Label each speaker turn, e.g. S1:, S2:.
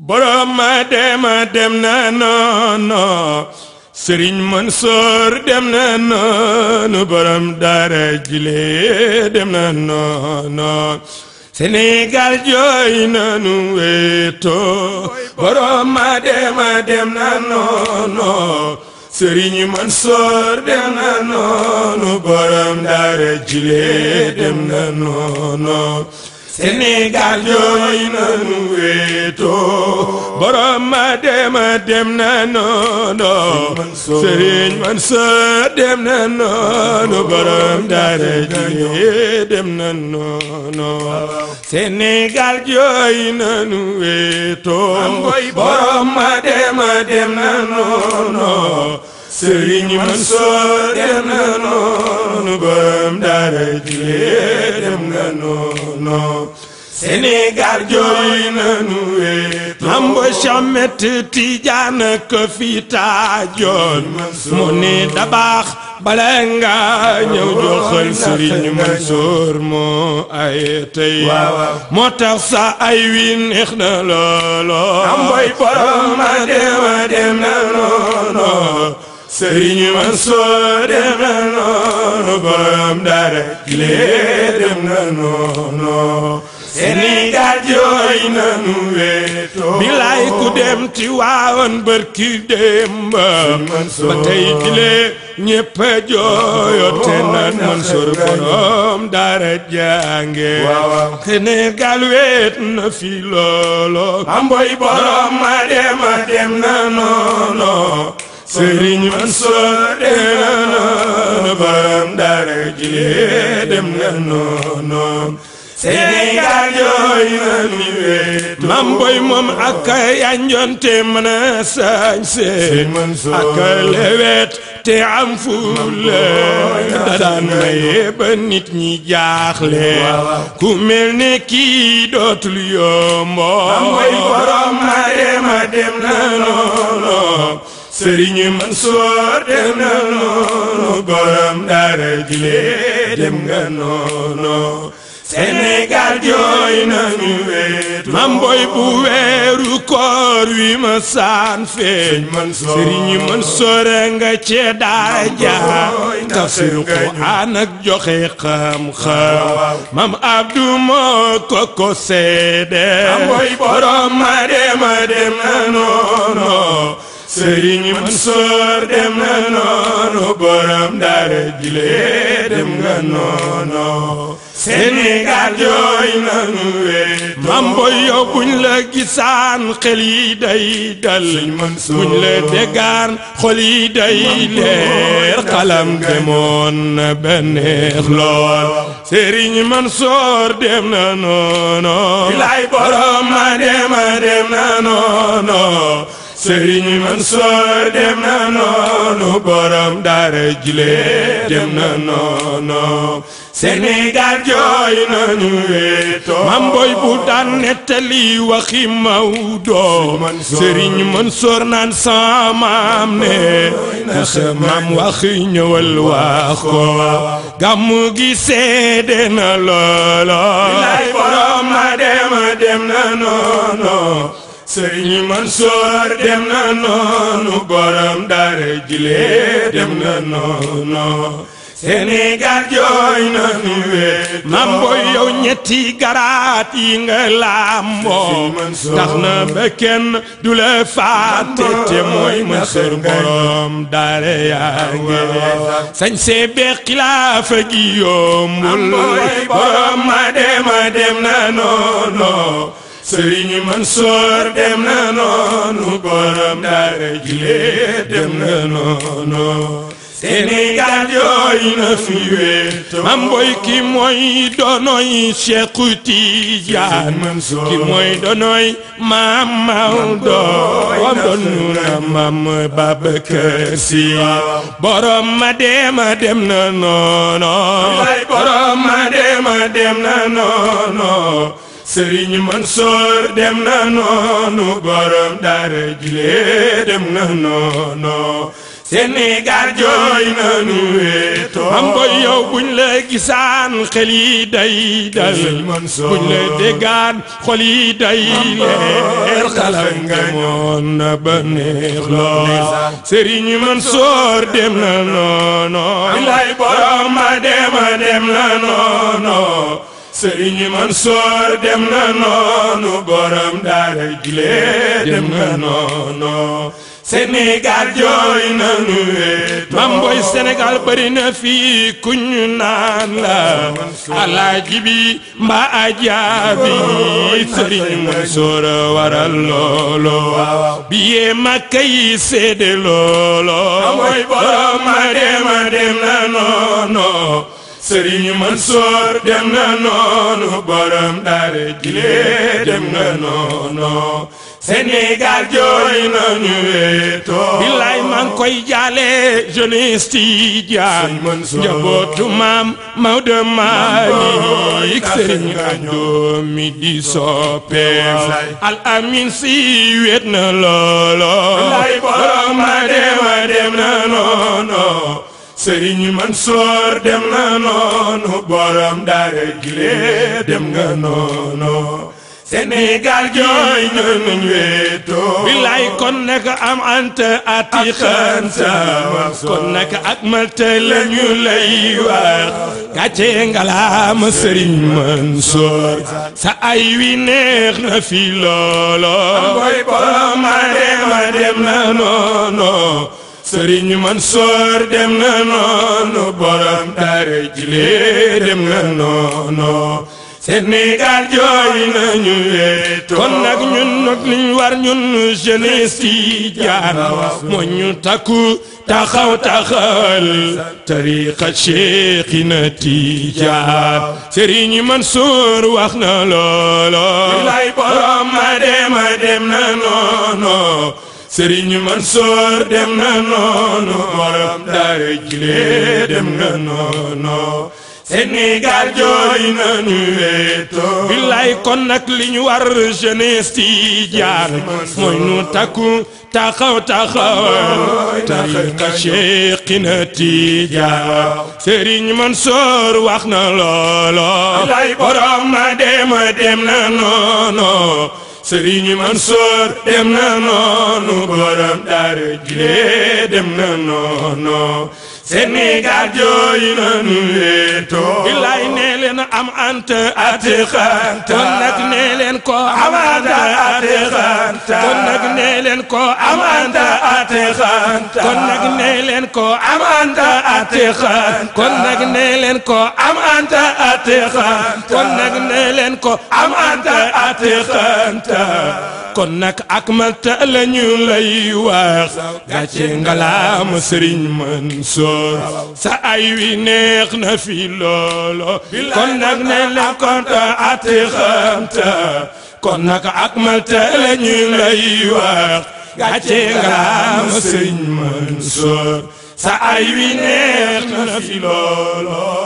S1: borom ma dema dem na noonu sëriñ dem na noonu borom daara dem na noonu borom ma dema dem na noonu sëriñ Mansoor dem na noonu borom daara jile dem na noonu Sénégal jooy nanu wéetoo borom ma dem dem na noonu Sëriñ jooy nanu wéetoo borom ma dem dem na noonu sëriñ Mansoor dem na noonu bam daara julee dem na noonu
S2: Sénégal jooy
S1: nanu wéet Lambo Chamet Tidiane ko fi taajoon mu ne da baax bala nga ñëw joxal sëriñ Mansoor moo ay tey moo tax sa ay wi neex na looloo am borom ma dem na sëriñ Mansoor dem na noonu borom dara kilé dem na noonu Sénégal jooy nanu weetoo bilaay ku dem ci waawoon bërki dem ba tey kilé ñépp a jooyoo te Mansoor borom dara jànge Sénégal weet na fi looloo am boy borom ma dem a dem na noonu sëriñ Mansoor dee na noonu borom daara ji dem na noonu Sénégal yooyu na mi wéetu mam moom ak yanjoon te mën a sañ see lewet te am fuule daan maye ba nit ñi jaaxle ku mel ne kii dootul yombo mam boy borom ma dem na noonu Sëriñ Mansoor dem na noonu borom daara jile dem nga noonu Sénégal jooy nañu weet mam boy bu weeru koor wi ma feeñ Mansoor Sëriñ Mansoor nga ci daara ja joxe xam-xam mam Abdou moo ko seede mam boy borom ma dem dem na noonu sëriñ Mansoor dem na noonu borom daara jile dem nga noonu Sénégal jooy nanu wéet mam boy yow buñ la gisaan xel yi day dal buñ la xol yi day leer xalam demoon na beneex lool sëriñ Mansoor dem na noonu lay borom ma dem dem na noonu sëriñ Mansoor dem na noonu borom daara jile dem na noonu Sénégal jooy nañu wéetoo mam boy bu daan nettali waxi Maodo sëriñ Mansoor naan saamaam ne ku sa maam wax ñëwal wax ko gàmmu gi seede na loolo borom na dem dem na noonu sëriñ Mansoor dem na noonu borom daara jile dem na noonu Sénégal jooy na nu wéet mam tax na ba kenn du la fàtte te mooy Mansoor borom daara yaa ngi sañ see bee xilaafa gi yombul borom ma dem dem na noonu sëriñ Mansoor dem na noonu borom daara jile dem na noonu Sénégal yooyu na fi wéet mam boy ki mooy donoy Cheikh Tidiane Mansoor ki mooy donoy maam Maodo wam doonu na maam Babacar Si borom ma dema dem na noonu borom ma dema dem na noonu sëriñ Mansoor dem na noonu borom daara jile dem na noonu Sénégal jooy na nu wéetoo mam boy buñ la gisaan xel yi day buñ la déggaan xol day leer xalam nga moon na ba loo Sëriñ Mansoor dem na noonu lay borom ma dem na noonu sëriñ Mansoor dem na noonu borom daara jile dem na noonu Sénégal jooy nanu wéetoo mam booy Sénégal bari fii ku naan la alaaji bi mbaa ajaabi sëriñ Mansoor waral loolo biyee Makka yi seede loolo mooy borom ma dem dem na noonu sëriñ Mansoor dem na noonu borom daara jile dem na noonu Sénégal jooy nañu wéetoo billaay maa ngi koy jaale jeunesse Tijaan njabootu maam Maodo Malick sëriñ Ando mi di soppeem al amin si wéet na looloo borom ma dem na noonu sëriñ Mansoor dem nga noonu borom daara jile dem nga noonu Sénégal jooy ñoonuñ wéetoo billaay kon am ant atiqan sa wax ak malte lañu lay wax gàcce ngalaam sëriñ Mansoor sa wi neex na fi loolo am booy ma dem ma dem na noonu sëriñ Mansoor dem na noonu borom taare dem na noonu Sénégal jooy kon nag ñun nag liñ war ñun jeunesse yi jaar moo ñu takku taxaw taxawal tariqa Cheikhina Tijaan Sëriñ Mansour wax na lay borom ma dem dem na Sëriñ Mansoor dem na noonu borom daara jile dem na noonu Sénégal jooy nañu weetoo billaay kon nag li ñu war jeunesse ti jaar mooy nu taxaw taxaw tariqa Cheikhina Tijaan Serigne Mansour wax na loolo billaay borom ma dem dem na noonu sëriñ Mansoor dem na noonu borom daara jile dem na noonu Sénégal jooy na nu leetoo bilaay nee leen am ant ati xanta ko amanta ate xanta kon nag nee leen ko amanta ate xanta kon nag nee leen ko amanta ate xanta kon nag nee leen ko amanta ate xanta kon nag nee leen ko amanta ate xanta kon nag ak mata la ñu lay wax gàcce ngalaam sëriñ Mansoor sa ay wi neex na fi loolo kon nag ne la konta ati xamta kon nag ak mata la ñu lay wax gàcce ngalaam sëriñ Mansoor sa ay wi neex na fi loolo